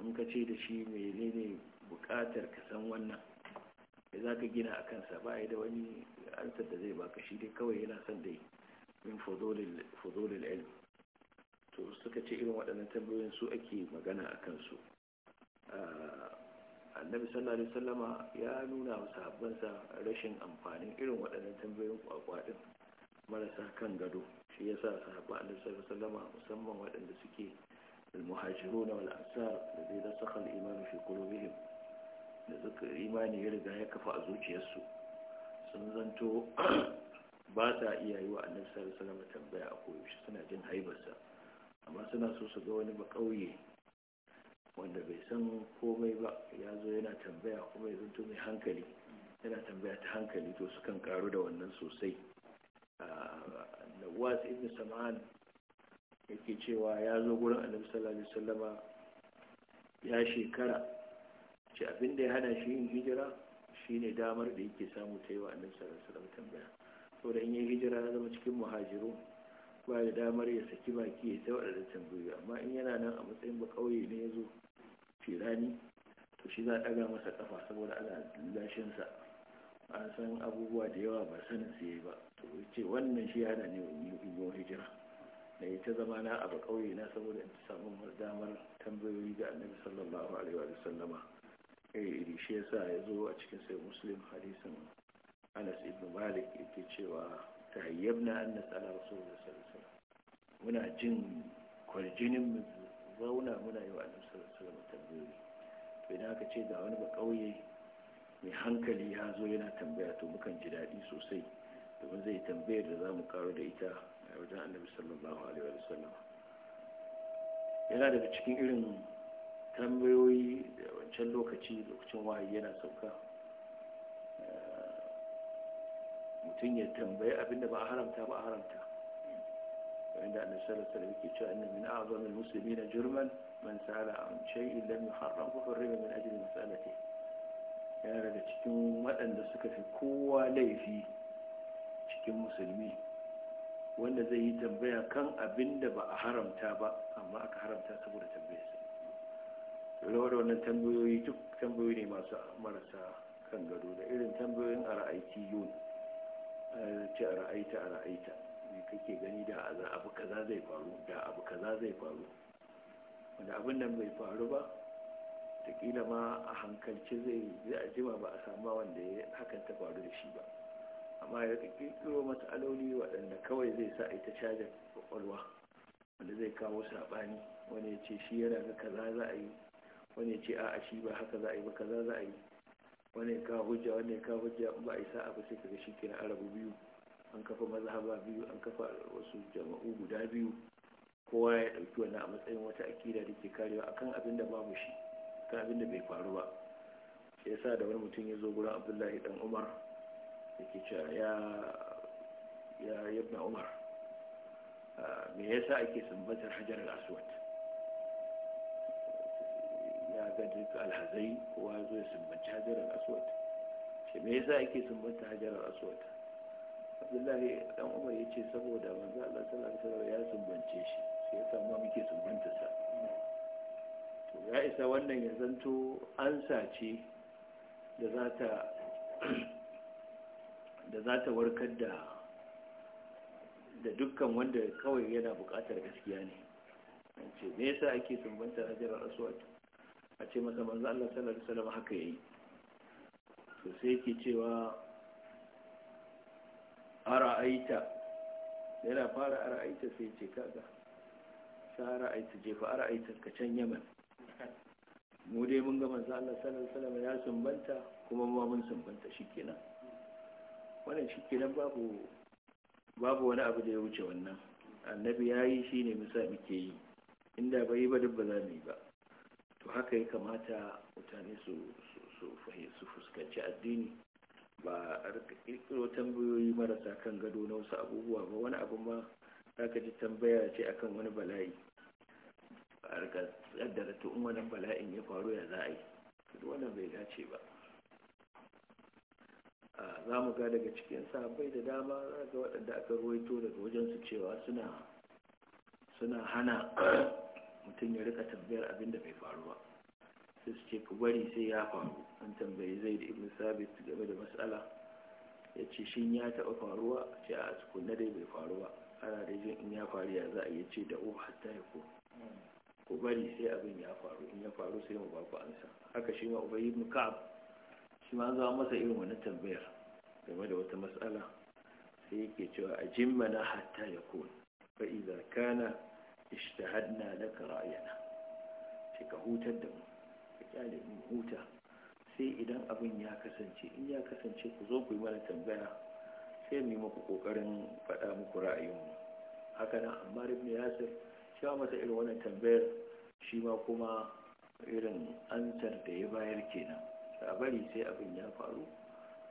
in ka ce da shi ne bukatar ka san wannan da za ka gina a kansa ba da wani ansar da zai baka shi dai kawai yana son da yi min fudolin ilmi to suka ce irin waɗannan tambayoyin su ake magana a kansu ah, annabi sallallahu alaihi wasallama ya nuna wa sahabbansa rashin amfanin irin waɗannan tambayoyin kwakwadin marasa kan gado shi ya sa sahabu a nasarar musallama musamman waɗanda suke almuhajiro na wal'asar da zai dasa kan imanin shekaru biyun da suka imani ya riga ya kafa a zuciyarsu sun zanto [CLEARS THROAT] ba ta iya yi wa a nasarar tambaya a koyo shi suna jin haibarsa amma suna so su ga wani ƙauye, wanda bai san komai ba ya zo yana tambaya kuma ya zanto mai hankali yana tambaya ta hankali to sukan karu da wannan sosai ah, wasu ibn sam'an ke cewa ya zo gurin annabi sallallahu alaihi wasallama ya shekara ce abin da ya hana shi yin hijira shine damar da yake samu ta yi wa annabi sallallahu alaihi wasallam tambaya saboda in yi hijira ya zama cikin muhajiru ba da damar ya saki baki ya sai waɗanda tambayoyi amma in yana nan a matsayin ba kauye ne ya zo firani to shi za a ɗaga masa kafa saboda ana lashinsa an san abubuwa da yawa ba sanin su yi ba to ce wannan shi yana ne yiwuwar hijira da ya ta zama na abu ƙauye na saboda in samu damar tambayoyi ga annabi sallallahu alaihi wa sallama kai iri shi yasa ya zo a cikin sai muslim hadisin anas ibn malik yake cewa tayyabna an nas'ala rasulullahi sallallahu alaihi wa muna jin kwarjinin mu zauna muna yi wa annabi sallallahu alaihi wa sallam tambayoyi to idan aka ce ga wani ba mai hankali ya zo yana tambaya to mukan ji daɗi sosai domin zai tambayar da za mu karo da ita a wajen annabi sallallahu alaihi wa yana daga cikin irin tambayoyi da wancan lokaci lokacin wahayi yana sauka eh, mutum ya tambayi abinda ba a haramta ba a haramta wanda annabi sallallahu alaihi wasallam yake cewa inna min a'zami muslimina jurman man sa'ala an shay'in lam yuharram fa hurrima min ajli mas'alatihi yana daga cikin waɗanda suka fi kowa laifi cikin musulmi wanda zai yi tambaya kan abin da ba a haramta ba amma aka haramta saboda tambaya rawar wannan tambayoyi duk tambayoyi ne masu marasa kan gado da irin tambayoyin a ra'aiki yun eh, ce a ra'aita a ra'aita me kake gani da abu kaza zai faru da abu kaza zai faru wanda abin nan bai faru ba takila ma a hankalci zai a jima ba a samu wanda ya hakan ta faru da shi ba amma ya kirkiro alauli waɗanda kawai zai sa ita cajin kwakwalwa wanda zai kawo saɓani wani ya ce shi yana ga kaza za a yi wani ya ce a'a shi ba haka za a yi ba kaza za a yi wani ya kawo hujja wani ya kawo hujja in ba a yi sa'a ba sai kaga shi kira arabu biyu an kafa mazhaba biyu an kafa wasu jama'u guda biyu kowa ya ɗauki wannan a matsayin wata akida da ke karewa akan abin da babu shi kan abin da bai faru ba ya sa da wani mutum ya zo gurin abdullahi dan umar da ke cewa ya ya yabna umar me yasa ake sumbatar hajjar al-aswad ya ga duk alhazai kowa zo ya sumbanci hajar al-aswad ce me yasa ake sumbanta hajjar al-aswad abdullahi dan umar ya ce saboda manzo Allah sallallahu alaihi wasallam ya sumbance shi sai ya ma muke sumbantarsa ya isa wannan ya zanto an sace da za ta warkar da da dukkan wanda kawai yana bukatar gaskiya ne an ce me yasa ake sumbanta hajjar aswad a ce masa manzo Allah sallallahu alaihi wasallam haka yayi to sai yake cewa ara aita yana fara ara aita sai ce kaga sa fa jefa aita ka can yaman mu dai mun ga manzo Allah sallallahu alaihi wasallam ya sumbanta kuma mu mun sumbanta shikenan wannan shikenan babu babu wani abu da ya wuce wannan annabi yayi yi shi ne musa muke yi inda bai yi ba duk ba za mu yi ba to haka ya kamata mutane su su fuskanci addini ba a rika kirkiro tambayoyi marasa kan gado na wasu abubuwa ba wani abu ma za ka ji tambaya ce akan wani bala'i a rika tsaddara to wannan bala'in ya faru ya za a yi wannan bai dace ba za mu ga daga cikin sabai da dama ga waɗanda aka ruwaito daga wajensu cewa suna hana [CLEARS THROAT] mutum ya rika tambayar abin da bai faru ba sai su ce ku bari sai ya faru an tambayi zai da ibn sabit game da matsala ya ce shin ya taɓa faruwa a ce a tukunna dai bai faru ba ana da jin in ya faru ya za a yi ce da uba hatta ya ko ku bari sai abin ya faru in ya faru sai mu ba ku ansa haka shi ma ubayi ibn ka'ab shi ma za zo masa irin wani tambaya game da wata matsala sai yake cewa a jimmana hatta ya kun fa idza kana ishtahadna laka ra'yana sai ka hutar da mu ka kyale mu huta sai idan abin ya kasance in ya kasance ku zo ku yi mana tambaya sai mu yi muku kokarin faɗa muku ra'ayinmu haka nan amma ibn yasir ya mata irin wannan tambayar shi ma kuma irin ansar da ya bayar kenan a bari sai abin ya faru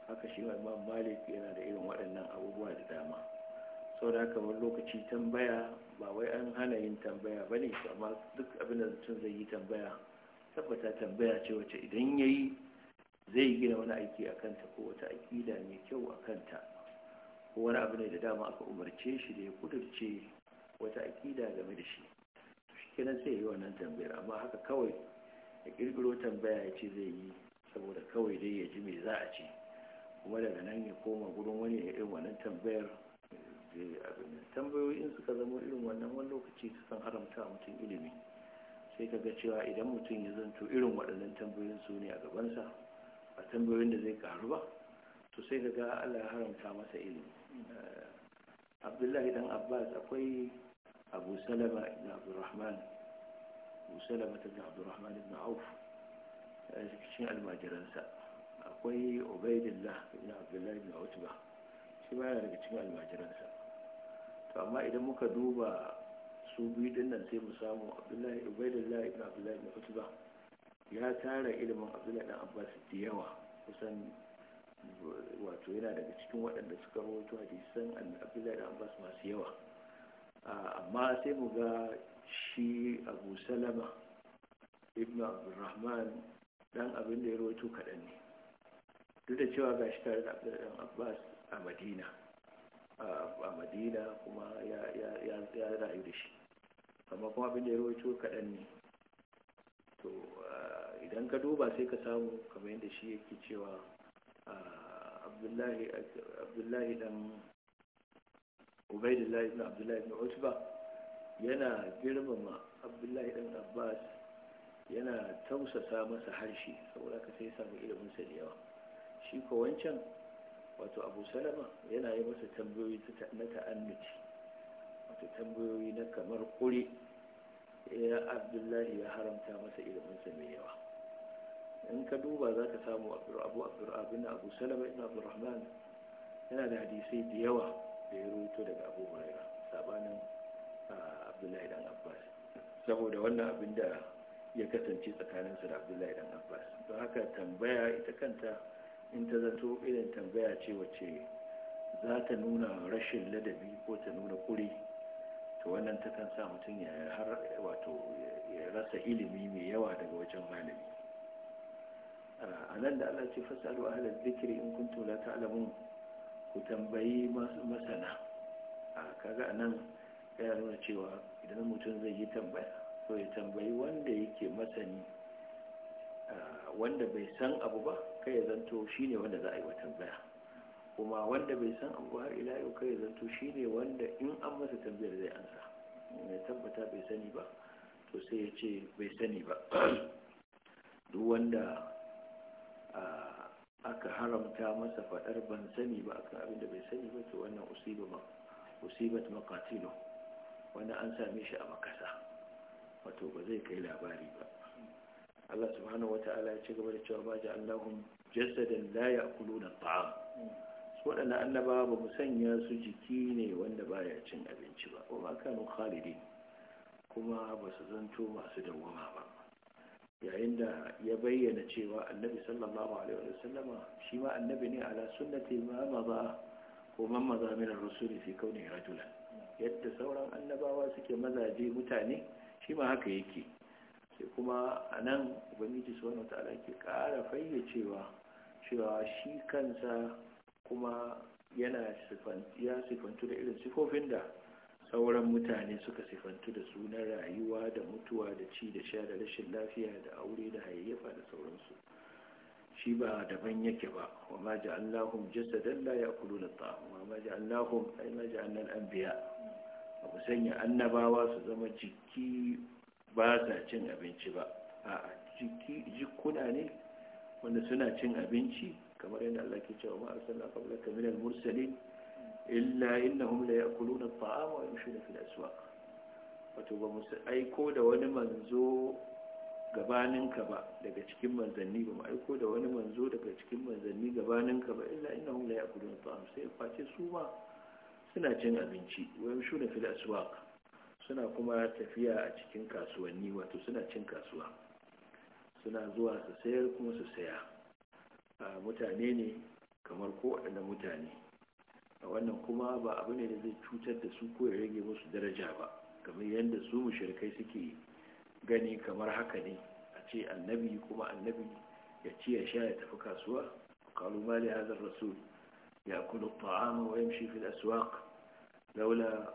haka shi ma imam malik yana da irin waɗannan abubuwa da dama sau da haka wani lokaci tambaya ba wai an hana yin tambaya ba ne amma duk abin da mutum zai yi tambaya tabbata tambaya ce wacce idan ya yi zai gina wani aiki a kanta ko wata aƙida mai kyau a kanta ko wani abu ne da dama aka umarce shi da ya kudurce wata aƙida game da shi kenan sai yi wannan tambayar amma haka kawai ya kirkiro tambaya ya ce zai yi saboda kawai dai ya ji me za a ce kuma daga nan ya koma gudun wani ya yi wannan tambayar eh, tambayoyin suka zama irin wannan wani lokaci su san haramta mutum ilimi sai ka ga cewa idan mutum ya zanto irin waɗannan tambayoyin su ne a gabansa a tambayoyin da zai karu ba to sai ka ga allah ya haramta masa ilimi eh, abdullahi dan abbas akwai أبو سلمة بن عبد الرحمن أبو سلمة بن عبد الرحمن بن عوف cikin almajiransa akwai عبد الله abdullahi عتبة شيء shi ba daga cikin almajiransa to amma idan muka duba su biyu din nan sai mu samu بن عبد الله abdullahi عتبة يا ya tara ilimin abdullahi الله بن da yawa kusan wato yana daga cikin waɗanda suka rawaito hadisan abdullahi da abbas masu yawa amma sai mu ga shi abu salama ibn abdurrahman dan abin da ya rawaito kaɗan ne duk da cewa ga shi tare da abdullahi abbas a madina a madina kuma ya rayu da shi amma kuma abin da ya rawaito kaɗan ne to idan ka duba sai ka samu kamar yadda shi yake cewa abdullahi dan ubaidullah ibn Abdullahi ibn usba yana girmama Abdullahi ibn abbas yana tausasa masa harshe saboda ka sai samu ilimin sa da yawa shi ko wancan wato abu salama yana yi masa tambayoyi na ta'annuci wato tambayoyi na kamar kure ya abdullahi ya haramta masa ilimin sa mai yawa in ka duba za ka samu abu abdurrahman abu salama ibn abdurrahman yana da hadisai da yawa da ya rubuto daga abu huraira sabanin abdullahi dan abbas saboda wannan abin da ya kasance tsakaninsu da abdullahi dan abbas don haka tambaya ita kanta in ta zato irin tambaya ce wacce za ta nuna rashin ladabi ko ta nuna kuri to wannan ta kan sa mutum ya har wato ya rasa ilimi mai yawa daga wajen malami a nan da allah ce fasalu halar zikiri in kuntum la ta'lamun ku tambayi masana a kaga nan ya nuna cewa idan mutum zai yi tambaya so ya tambayi wanda yake masani wanda bai san abu ba kai ya zanto shi ne wanda za a yi wa tambaya kuma wanda bai san abu har ila yau kai ya zanto shi ne wanda in an masa tambayar zai ansa ya tabbata bai sani ba to sai ya ce bai sani ba [CLEARS THROAT] duk wanda aka haramta masa faɗar ban sani ba akan abin da bai sani ba to wannan usibat an same shi a makasa wato ba zai kai labari ba Allah subhanahu wata'ala ya ci gaba da cewa ba allahun jasadan la ya'kuluna at'am waɗanda annaba ba mu sanya su jiki ne wanda baya cin abinci ba wa ma kanu khalidin kuma ba su zanto masu dawwama ba yayin da ya bayyana cewa annabi sallallahu alaihi wa shi ma annabi ne ala sunnati ma maza ko man maza min ar-rusuli fi kauni rajulan yadda sauran annabawa suke mazaje mutane shi ma haka yake sai kuma anan ubangiji subhanahu wataala ke kara fayyacewa cewa shi kansa kuma yana ya sifantu da irin sifofin da sauran mutane suka sifantu da sunan rayuwa da mutuwa da ci da sha da rashin lafiya da aure da hayayyafa da sauransu shi ba daban yake ba wa ma ja'alnahum jasadan la kudu at ta wa ma ja'alnahum ay ma ja'alna al-anbiya abu sanya annabawa su zama jiki ba sa cin abinci ba a jiki jikuna ne wanda suna cin abinci kamar yadda Allah ke cewa ma arsalna qablaka minal mursalin illa إنهم ليأكلون الطعام ويمشون في الأسواق yamshuna fil aswaq wato ba musu aiko da wani manzo ba daga cikin manzanni ba mu aiko da wani manzo daga cikin manzanni ka ba illa innahum la ya'kuluna at-ta'ama sai face su ma suna cin abinci wa yamshuna fil aswaq suna kuma tafiya a cikin kasuwanni wato suna cin kasuwa suna zuwa su sayar kuma su saya ah, mutane ne kamar ko waɗanda mutane wannan kuma ba abu ne da zai cutar da su ko ya rage musu daraja ba kamar yadda su mushrikai suke gani kamar haka ne a ce annabi kuma annabi ya ci ya sha ya tafi kasuwa kalu ma li hadha rasul ya kulu ta'am wa yamshi fil aswaq laula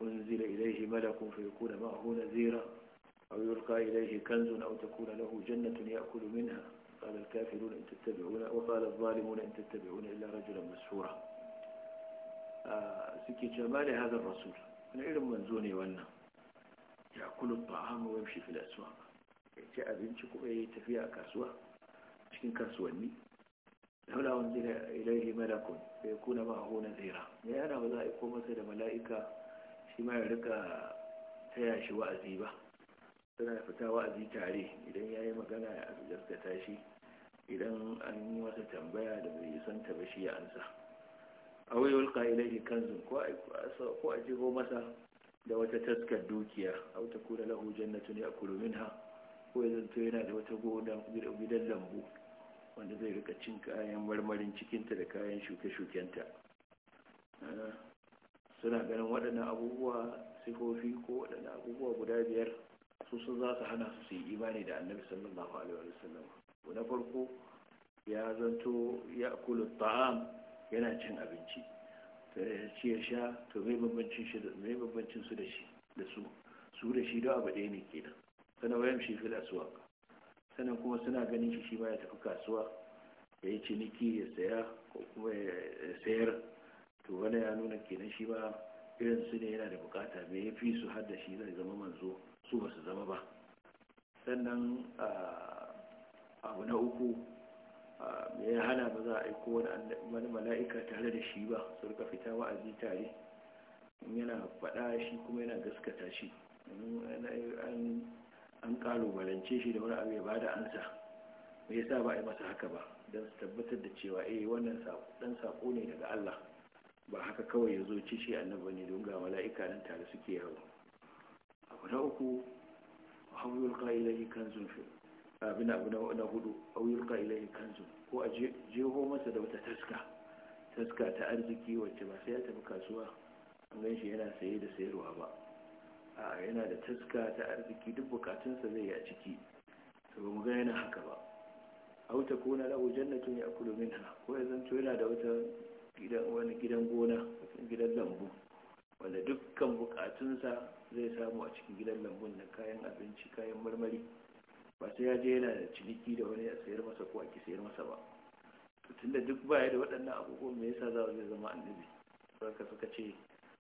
unzila ilayhi malakun fa yakuna ma'ahu nazira aw yulqa ilayhi kanzun aw takuna lahu jannatun ya'kulu minha qala al-kafirun in tattabi'una wa qala وقال الظالمون in tattabi'una illa rajulan مسحورا suke cewa da ya rasul wani irin manzo ne wannan ya kulu ta'amu wa shi fil aswaq ya ce abinci kuma ya tafiya a kasuwa cikin kasuwanni laula unzila ilayhi malakun ba a ma'ahu tsera. ya yana ba za a koma masa da mala'ika shi ma ya rika taya shi wa'azi ba suna fita wa'azi tare idan ya yi magana ya gaskata shi idan an yi masa tambaya da bai san ta ba shi ya ansa a wai ilaihi kanzun ko a jiho masa da wata taskar dukiya aw ta kula lahu jannatun ya kulu minha ko idan to yana da wata gidan lambu wanda zai rika cin kayan marmarin cikinta da kayan shuke ta ah, suna ganin waɗannan abubuwa sifofi ko waɗannan abubuwa guda biyar su sun za su hana su su yi imani da annabi sallallahu alaihi wa sallam na farko ya zanto ya kula ta'am yana cin abinci ci ya sha to mai bambancin su da shi da su su da shi da abu ɗaya ne kenan sana wayan shi fi aswaq sannan kuma suna ganin shi shi ma ya tafi kasuwa ya yi ciniki ya saya ko kuma ya sayar to wani ya nuna kenan shi ma irin su ne yana da bukata mai ya fi su har da shi zai zama manzo su ba su zama ba sannan ah, abu na uku me ya hana ba za a aiko wani mala'ika tare da shi ba su rika fita wa'azi tare yana faɗa shi kuma yana gaskata shi an kalubalance shi da wani abu ya bada ansa me yasa ba a yi masa haka ba don su tabbatar da cewa eh wannan dan sako ne daga Allah ba haka kawai ya zo ci shi annabi ne don ga mala'ika nan tare suke yawo abu na uku hawlul qailati kanzun fil abin abu na hudu a wuyurka ilayin kanzu ko a jeho masa da wata taska taska ta arziki wacce ba sai ya tafi kasuwa an gan shi yana saye da sayarwa ba a yana da taska ta arziki duk bukatunsa zai yi a ciki to ba mu ga yana haka ba au ta kona lagu jannatun ya akulu minha ko ya zanto yana da wata wani gidan gona gidan lambu wanda dukkan bukatunsa zai samu a cikin gidan lambun da kayan abinci kayan marmari ba sai ya je yana da ciniki da wani a sayar masa ko a sayar masa ba tun da duk baya da waɗannan abubuwan me yasa za zai zama annabi ka suka ce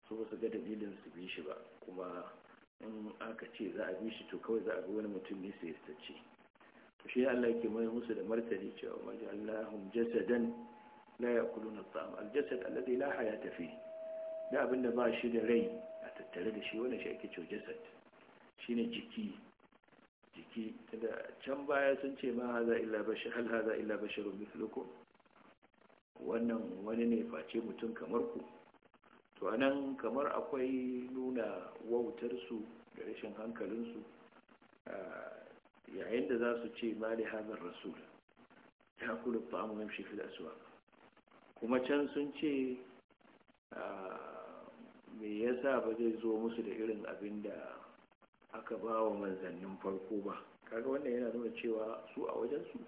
su ba su ga dalilin su bi shi ba kuma in aka ce za a bi shi to kawai za a ga wani mutum ne sai ya ce to shi Allah yake mai musu da martani cewa majallahum jasadan la yaquluna at-ta'am al-jasad alladhi la hayata fihi da abinda ba shi da rai a tattare da shi wannan shi ake cewa jasad shine jiki jiki da can baya sun ce ma haza illa bashar hal haza illa basharun mithlukum wannan wani ne face mutum kamar ku to anan kamar akwai nuna wautar su da rashin hankalinsu yayin da za su ce ma da hazar rasul ya kula ta amu yamshi fi aswa kuma can sun ce me yasa ba zai zo musu da irin abin da aka ba wa manzannin farko ba kaga wannan yana nuna cewa su a wajensu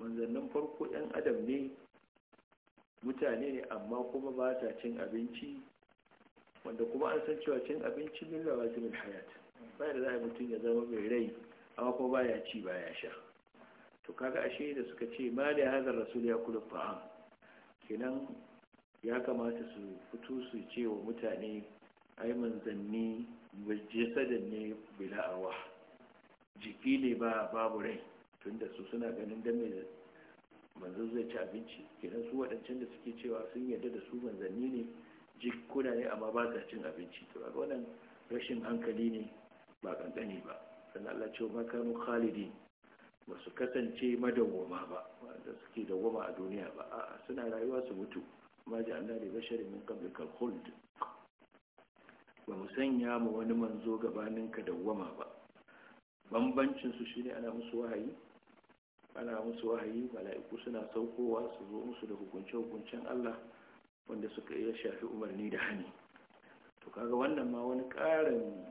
manzannin farko 'yan adam ne mutane ne amma kuma ba ta cin abinci wanda kuma an san cewa cin abinci min min hayat bai da za a mutum ya zama mai rai amma kuma baya ci baya sha to kaga ashe da suka ce ma da hadar rasul ya kula fa'am kenan ya kamata su fito su ce wa mutane ai manzanni sadan ne bila awa jiki ne ba babu rai tunda su suna ganin da mai manzo zai ci abinci kenan su waɗancan da suke cewa sun yarda da su manzanni ne jikuna ne amma ba za cin abinci to ga wannan rashin hankali ne ba kankani ba sannan Allah ce ma kanu khalidin ba su kasance madawwama ba wanda suke dawwama a duniya ba a'a suna rayuwa su mutu ma ja'alna li basharin min qablikal khuld ba mu sanya mu wani manzo gabanin ka dawwama ba bambancin su shine ana musu wahayi ana musu wahayi mala'iku suna saukowa su zo musu da hukunce-hukuncen Allah wanda suka iya shafi umarni da hani to kaga wannan ma wani ƙarin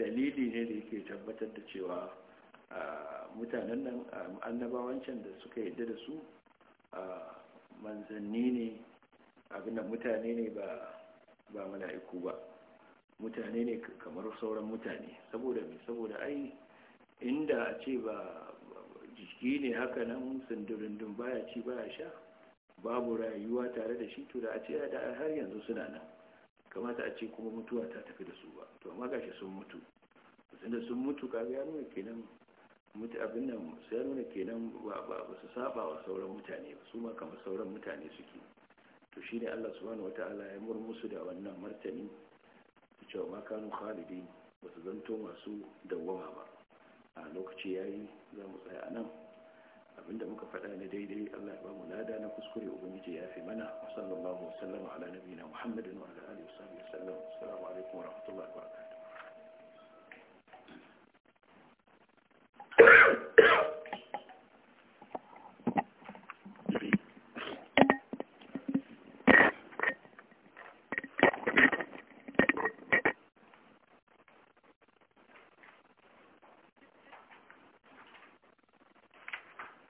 dalili ne da yake tabbatar da cewa mutanen nan annabawancan da suka yadda da su manzanni ne abin mutane ne ba mala'iku ba mutane ne kamar sauran mutane saboda mai saboda ai inda a ce ba jiki ne haka nan sindirindin baya ci baya sha babu rayuwa tare da shi to da a ce da har yanzu suna nan kamata a ce kuma mutuwa ta tafi da su ba to amma gashi sun mutu da sun mutu kaga ya nuna kenan mutu abin nan sai nuna kenan ba ba su saba wa sauran mutane ba su ma kamar sauran mutane suke to shine Allah subhanahu wataala ya murmusu da wannan martani cewa ma kanu khalidi ba su zanto masu dawwama ba a lokaci ya yi za mu tsaya nan abinda muka faɗa ne daidai Allah ya ba mu lada na kuskure ubangiji ya fi mana wa sallallahu wa sallama ala na muhammadin wa ala alihi wa sahbihi sallam assalamu alaikum wa rahmatullahi wa barakatuh